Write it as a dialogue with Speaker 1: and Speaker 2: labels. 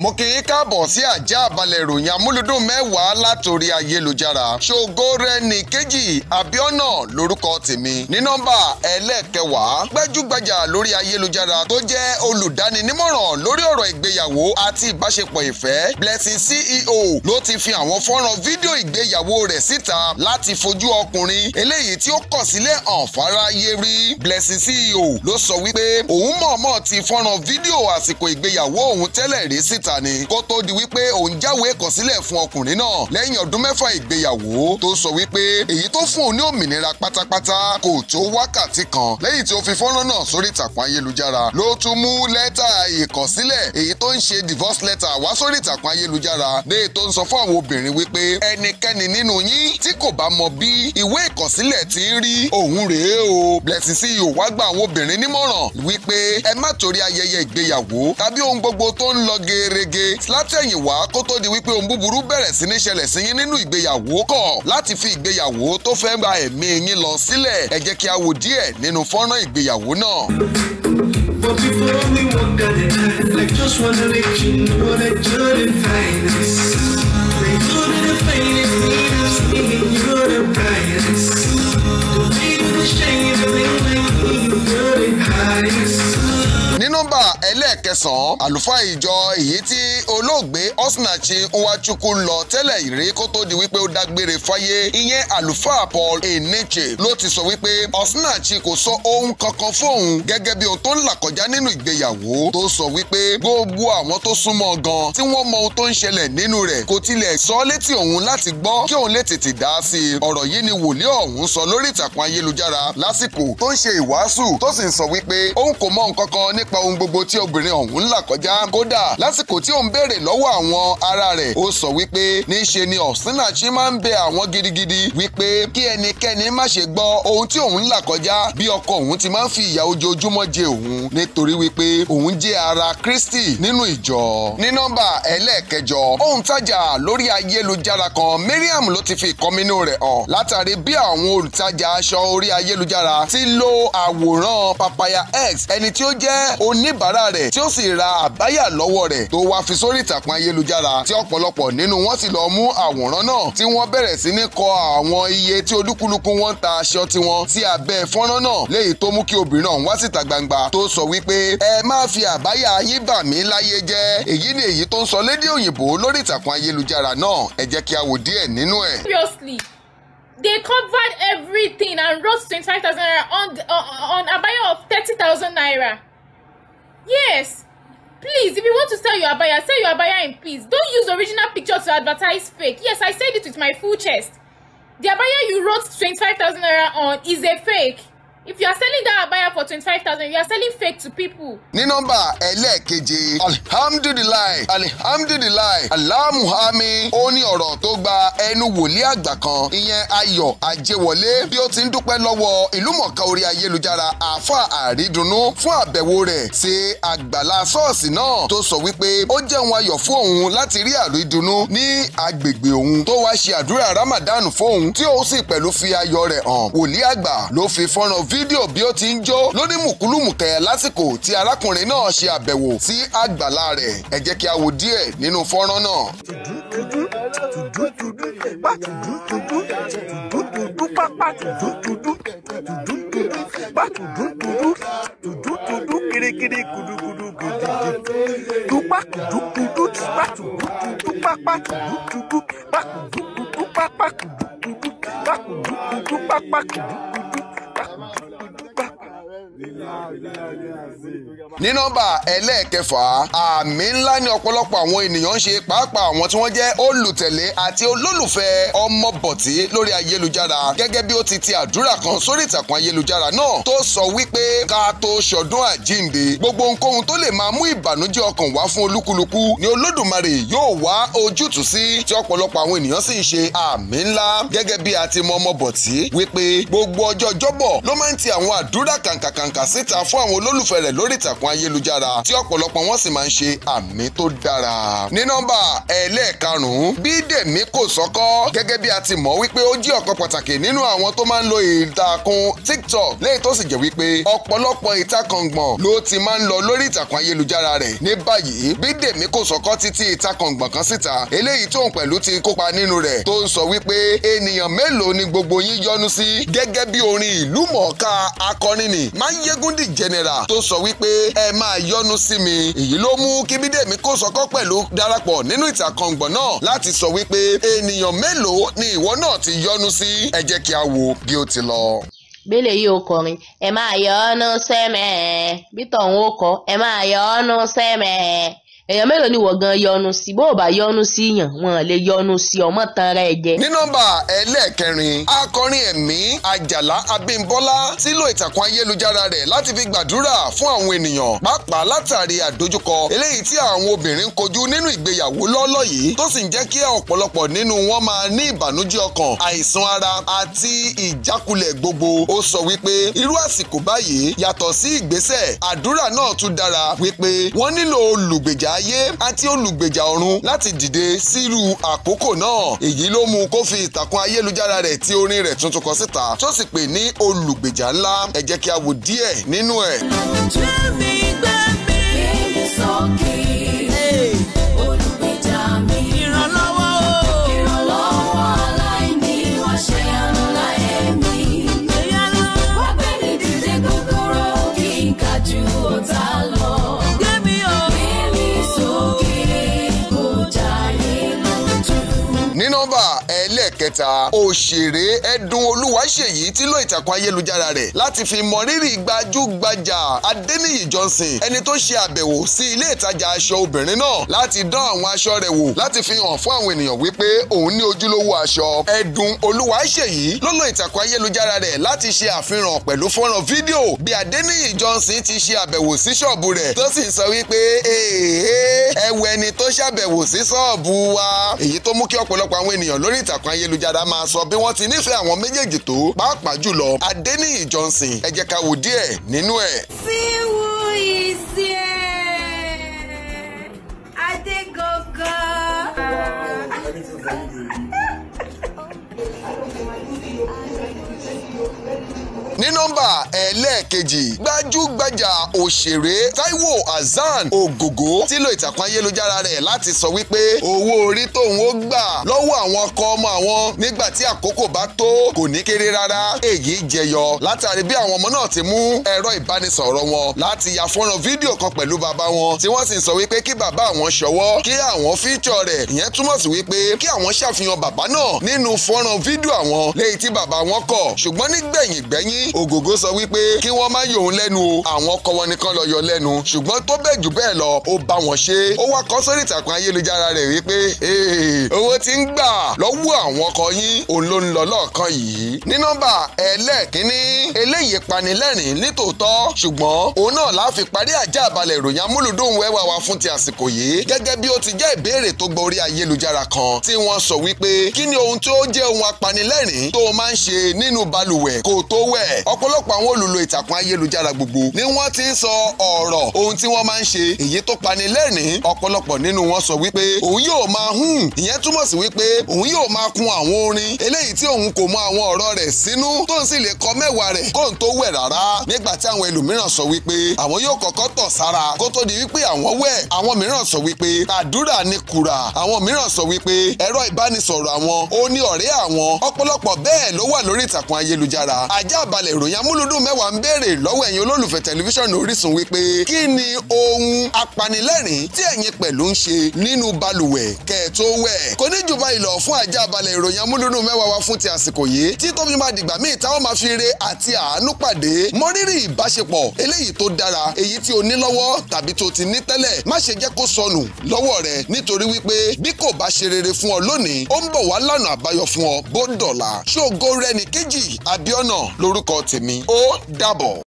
Speaker 1: mo kì í káàbọ̀ sí àjá àbálẹ̀ ìròyìn amúlùdùn mẹ́wàá látòrí ayélujára ṣògo rẹ ní kejì abiona lórúkọ tèmi ní nọ́mbà ẹlẹ́ẹ̀kẹwàá gbẹ́júgbajà lórí ayélujára tó jẹ́ olùdáninímọ̀ràn lórí ọ̀rọ̀ ìgbéyàwó àti ìbáṣepọ̀ ìfẹ́ blessing ceo ló ti fi àwọn fọ́nrán fídíò ìgbéyàwó rẹ̀ síta láti fojú ọkùnrin eléyìí tí ó kọ̀ sílẹ̀ hàn fáráyé rí blessing ceo ló sọ wípé òun mọ̀ọ́mọ̀ ti fọ́nrán fídíò àsìkò ìgbéyàwó òun rí mẹ́ta ni kó tó di wípé òun jáwé ìkọ̀sílẹ̀ fún ọkùnrin náà lẹ́yìn ọdún mẹ́fà ìgbéyàwó tó sọ wípé èyí tó fún òun ní òmìnira pátápátá kò tó wákàtí kan lẹ́yìn tí ó fi fọ́nrán náà sórí ìtàkùn ayélujára ló tún mú lẹ́tà ìkọ̀sílẹ̀ èyí tó ń ṣe divorce letter wá sórí ìtàkùn ayélujára ní ètò ń sọ fún àwọn obìnrin wípé ẹnikẹ́ni nínú yín tí kò bá mọ bí ìwé ìkọ̀sílẹ̀ ti ń rí òun rèé o blessing sí yóò e wá gba àwọn obìnrin nímọ̀ràn wípé ẹ má torí ayẹyẹ ìgbéyàwó tàbí ohun gbogbo tó ń lọ geere rege látẹ̀yìnwá kó tó di wípé ohun búburú bẹ̀rẹ̀ sí ní ṣẹlẹ̀ sí yín nínú ìgbéyàwó kọ̀ láti fi ìgbéyàwó tó fẹ́ gba ẹ̀mí yín lọ sílẹ̀ ẹ jẹ́ kí a wo díẹ̀ nínú fọ́nrán ìgbéyàwó náà. But before we walk at a time Like just wanna let you know, couldn't find is They couldn't find it In us, in your brightest The way of the shade of the light nọ́mbà ẹlẹ́ẹ̀kẹsàn-án àlùfáà ìjọ èyí tí olóògbé osinachi nwachukwu lọ tẹ́lẹ̀ ìrí kó tó di wípé ó dágbére fáyé ìyẹn àlùfáà Paul Eneche ló ti sọ wípé osinachi kò sọ ohun kankan fóun gẹ́gẹ́ bí ohun tó ń là kọjá nínú ìgbéyàwó tó sọ wípé gbogbo àwọn tó súnmọ́ gan tí wọ́n mọ ohun tó ń ṣẹlẹ̀ nínú rẹ̀ kò tilẹ̀ sọ létí òun láti gbọ́ kí òun lè tètè dá sí i ọ̀rọ̀ yìí ni wòlíì ọ̀hún sọ lórí ìtàkùn ayélujára lásìkò tó ń ṣe ìwàásù tó sì ń sọ wípé òun kò mọ nǹkan kan nípa ohun ohun gbogbo tí obìnrin ọ̀hún ń là kọjá kódà lásìkò tí òun béèrè lọ́wọ́ àwọn ará rẹ̀ ó sọ wípé níṣe ni Osinachi máa ń bẹ àwọn gidigidi wípé kí ẹnikẹ́ni má ṣe gbọ́ ohun tí òun ń là kọjá bí ọkọ òun ti máa ń fi ìyà ojoojúmọ́ jẹ òun nítorí wípé òun jẹ́ ara Kristi nínú ìjọ. ní nọ́mbà ẹlẹ́ẹ̀kẹjọ ohun tájà lórí ayélujára kan Mariam ló ti fi ìkọminú rẹ̀ hàn látàrí bí àwọn olùtajà aṣọ orí ayélujára ti lo àwòrán Papaya X ẹni tí ó jẹ́ oní oníbàárà rẹ̀ tí ó sì ra àbáyà lọ́wọ́ rẹ̀ tó wá fi sórí ìtàkùn ayélujára tí ọ̀pọ̀lọpọ̀ nínú wọn sì lọ mú àwòrán náà tí wọ́n bẹ̀rẹ̀ sí ní kọ àwọn iye tí olúkúlùkù wọn ta aṣọ tiwọn sí abẹ́ fọ́nrán náà léyìí tó mú kí obìnrin náà wá síta gbangba tó sọ wípé ẹ má fi àbáyà yín bà mí láyé jẹ́ èyí ni èyí tó ń sọ lédè òyìnbó lórí ìtàkùn ayélujára náà ẹ jẹ́ kí a wò díẹ̀ nínú ẹ̀. seriously they covered everything and wrote twenty-five thousand naira on, on, on buyer of thirty thousand naira. Yes. Please, if you want to sell your abaya, sell your abaya in peace. Don't use original picture to advertise fake. Yes, I said it with my full chest. The abaya you wrote twenty-five thousand naira on is a fake if you are selling that abaya for twenty-five thousand you are selling fake to people. ní nọ́mbà ẹlẹ́ẹ̀keje alihamdulilayi alihamdulilayi alamuhami ó ní ọ̀rọ̀ tó gba ẹnu wòlíì àgbà kan ìyẹn ayọ̀ ajẹ́wọlé bí ó ti ń dúpẹ́ lọ́wọ́ ìlúmọ̀ọ́ká orí ayélujára àáfà àrídùnnú fún àbẹ̀wò rẹ̀ sí àgbàlá ṣọ́ọ̀ṣì náà tó sọ wípé ó jẹ́ ohun ayọ̀ fún òun láti rí àrídùnnú ní agbègbè òun tó wá ṣe àdúrà ramadan fóun tí ó sì pẹ̀lú fi ayọ̀ rẹ̀ hàn wòlíì àgbà ló fi fọ́nrán fídíò bí ó ti ń jó lóní mùkúlùmùkẹ́ lásìkò tí arákùnrin náà ṣe àbẹ̀wò sí àgbàlá rẹ̀ ẹ jẹ́ kí a wo díẹ̀ nínú fọ́nrán náà. tudu tudu tudu pa tudu tudu tudu tudu pa pa tudu tudu tudu tudu pa tudu tudu tudu tudu kirikiri gudugudu gidigidi tupa tudu tudu tupa tudu tudu pa pa tudu tudu pa tudu tudu pa pa tudu tudu pa tudu tudu pa pa tudu. Come on. ní nọ́mbà ẹlẹ́ẹ̀kẹfà àmì ńlá ni ọ̀pọ̀lọpọ̀ àwọn ènìyàn ń ṣe pàápàá àwọn tí wọ́n jẹ́ olùtẹ̀lé àti olólùfẹ́ ọmọbọ̀tí lórí ayélujára gẹ́gẹ́ bí ó ti ti àdúrà kan sórí ìtàkùn ayélujára náà tó sọ wípé ká tó ṣọdún àjíǹde gbogbo ohunkóhun tó lè máa mú ìbànújẹ́ ọkàn wá fún olúkúlùkù ni olódùmarè yóò wá ojútùú sí tí ọ̀pọ̀lọpọ̀ àwọn ènìyàn sì ń ṣe àmì ńlá gẹ́gẹ́ bí a ti mọ ọmọbọ̀tí wípé gbogbo ọjọ́ jọ́bọ̀ ló máa ń ti àwọn àdúrà kàǹkàkàǹ tàǹkà síta fún àwọn olólùfẹ́ rẹ̀ lórí ìtàkùn ayélujára tí ọ̀pọ̀lọpọ̀ wọn sì máa ń ṣe àmì tó dára. ní nọ́mbà ẹlẹ́ẹ̀karùn-ún Bídèmí Kòsọ́kọ́ gẹ́gẹ́ bí a ti mọ̀ wípé ó jẹ́ ọ̀kan pàtàkì nínú àwọn tó máa ń lo ìtàkùn TikTok lẹ́yìn tó sì jẹ́ wípé ọ̀pọ̀lọpọ̀ ìtakọ̀ngbọ̀n ló ti máa ń lọ lórí ìtàkùn ayélujára rẹ̀ ní báyìí Bídèmí Kòsọ́kọ́ ti ti ìtakọ̀ngbọ̀n kan síta eléyìí tóun pẹ̀lú ti kópa ni gbogbo yín yọ́nú sí gẹ́gẹ́ bí Yegundi general tó sọ wípé ẹ máa yọ́nú sí mi èyí ló mú kí Bídèmí Kòsọ́kọ́ pẹ̀lú darapọ̀ nínú ìtàkọ̀ngbọ̀n náà láti sọ wípé ènìyàn mélòó ni ìwọ náà ti yọ́nú sí ẹ jẹ́ kí a wo bí ó ti lọ gbélé yìí ó kọrin ẹ máa yọ ọ́ sẹ́mẹ̀ẹ́ bí tọ̀hún ó kọ ẹ máa yọ ọ́ sẹ́mẹ̀ẹ́ èèyàn mélòó ni wọ́n gan yọnu sí bó o bá yọnu sí yàn wọn lè yọnu sí ọmọ tan ara ẹ jẹ. ní nọ́mbà ẹlẹ́ẹ̀kẹrin akọrin ẹ̀mí àjàlá abímbọ́lá ti lo ìtàkùn ayélujára rẹ̀ láti fi gbàdúrà fún àwọn ènìyàn pàápàá látàrí àdójúkọ eléyìí tí àwọn obìnrin ń kojú nínú ìgbéyàwó lọ́lọ́ yìí tó sì ń jẹ́ kí ọ̀pọ̀lọpọ̀ nínú wọn máa ní ìbànújẹ́ ọkàn àìsàn ara àti ìjákulẹ̀ gbogbo ó sọ wípé irú àsìkò báyìí yàtọ̀ sí ìgbésẹ̀ àdúrà náà tún dára wípé wọ́n nílò olùgbèjà ayé àti olùgbèjà ọ̀run láti dìde sírú àkókò náà èyí ló mú kó fi ìtàkùn ayélujára rẹ̀ tí orin rẹ̀ tuntun kan síta tó sì pè ní olùgbèjà ńlá ẹ kí a wò díẹ̀ nínú ẹ̀. jẹ́ mi gbọ́. どうえ mẹ́ta òṣèré ẹ̀dùn olúwaṣèyí ti lo ìtàkùn ayélujára rẹ̀ láti fi mọrírì gbajúgbajà adéníyì johnson ẹni tó ṣe àbẹ̀wò sí ilé ìtajà aṣọ obìnrin náà láti dán àwọn aṣọ rẹ̀ wò láti fi hàn fún àwọn ènìyàn wípé òun ní ojúlówó aṣọ ẹ̀dùn olúwaṣèyí ló lo ìtàkùn ayélujára rẹ̀ láti ṣe àfihàn pẹ̀lú fọ́nrán fídíò bí adéníyì johnson ti ṣe àbẹ̀wò sí ṣọ́ọ̀bù rẹ̀ tó sì ń sọ wípé ẹ̀ẹ́ẹ̀ ẹ̀wẹ̀ ẹni tó ṣàbẹ̀wò sí ṣọ́ọ̀bù wa èyí tó mú kí ọ̀pọ̀lọpọ̀ àwọn ènìyàn lórí ìtàkùn ayélujára Ìjàdá máa sọ bí wọ́n ti nífẹ̀ẹ́ àwọn méjèèjì tó pàápàá jùlọ Adéníyì Johnson ẹ ká wo díẹ̀ nínú ẹ̀. fíìmù ní nọ́mbà ẹlẹ́ẹ̀kejì gbajúgbajà òṣèré Táíwò azan Ògògó ti lo ìtàkùn ayélujára rẹ̀ láti sọ wípé owó orí tóun ó gbà lọ́wọ́ àwọn ọkọ ọmọ àwọn nígbà tí àkókò bá tó kò ní kéré rárá èyí jẹyọ látàrí bí àwọn ọmọ náà ti mú ẹ̀rọ ìbánisọ̀rọ̀ wọn láti ya fọ́nrán fídíò kan pẹ̀lú bàbá wọn tí wọ́n sì ń sọ wípé kí bàbá àwọn ṣọwọ́ kí àwọn fíjọ rẹ̀ ìyẹn túmọ̀ sí wípé kí àwọn ṣàfihàn bàbá náà nínú fọ́nrán fídíò àwọn léyìí tí bàbá wọn kọ ṣùgbọ́n nígbẹ̀yìn ògògó sọ wípé kí wọ́n má yòun lẹ́nu o àwọn ọkọ wọn nìkan lọ yọ lẹ́nu ṣùgbọ́n tó bẹ́ẹ̀ jù bẹ́ẹ̀ lọ ó bá wọn ṣe ó wá kọ sórí ìtàkùn ayélujára rẹ̀ wípé owó ti ń gbà lọ́wọ́ àwọn ọkọ yín òun ló ń lọ lọ́ọ̀kan yìí ní nọ́mbà ẹlẹ́ẹ̀kínní eléyìí panilẹ́rìn nítòótọ́ ṣùgbọ́n òun náà la fi parí àjà àbálẹ̀ ìròyìn amúlùdùn wẹ́wà wa fún ti àsìkò yìí gẹ́gẹ́ bí ó ti jẹ́ ìbéèrè tó gba orí ayélujára kan tí wọ́n sọ wípé kí ni ohun tó jẹ́ ohun apanilẹ́rìn tó máa ń ṣe nínú balùwẹ̀ kó tó wẹ̀ bẹ́ẹ̀ ọ̀pọ̀lọpọ̀ àwọn olùlò ìtàkùn ayélujára gbogbo ni wọ́n ti ń sọ ọ̀rọ̀ ohun tí wọ́n máa ń ṣe èyí tó pani lẹ́rìn-ín ọ̀pọ̀lọpọ̀ nínú wọn sọ wípé òun yóò máa hùn ìyẹn túmọ̀ sí wípé òun yóò máa kun àwọn orin eléyìí tí òun kò mọ àwọn ọ̀rọ̀ rẹ̀ sínú tó ń sì lè kọ mẹ́wàá rẹ̀ kó n tó wẹ̀ rárá nígbà tí àwọn ẹlòmíràn sọ wípé àwọn yóò kọ́kọ́ tọ̀ sára kó tó di wípé àwọn wẹ̀ àwọn mìíràn sọ wípé àdúrà ni kùrà àwọn mìíràn sọ wípé ẹ̀rọ ìbánisọ̀rọ̀ àwọn ó ní ọ̀rẹ́ àwọn ọ̀pọ̀lọpọ̀ bẹ́ẹ̀ ló wà lórí ìtàkùn ayélujára àjábá àkànbalẹ̀ ìròyìn amúlùdùn mẹ́wàá ń béèrè lọ́wọ́ ẹ̀yin olólùfẹ́ tẹlifíṣàn Orísun wípé kí ni ohun apanilẹ́rìn tí ẹ̀yin pẹ̀lú ń ṣe nínú balùwẹ̀ kẹ́ wẹ̀ kò ní jù báyìí lọ fún àjàbalẹ̀ ìròyìn amúlùdùn mẹ́wàá wa fún ti àsìkò yìí tí tóbi máa dìgbà míì táwọn máa fi re àti àánú pàdé mọ ìbáṣepọ̀ eléyìí tó dára èyí tí o ní tàbí tó ti ní tẹ́lẹ̀ má ṣe jẹ́ kó sọnù lọ́wọ́ rẹ nítorí wípé bí kò bá ṣe rere fún ọ lónìí ó ń bọ̀ wá lọ́nà àbáyọ fún ọ bó dọ̀la ṣó górẹ́ni kéjì Abíọ́nà lórúk orúkọ tèmi ó dàbọ̀.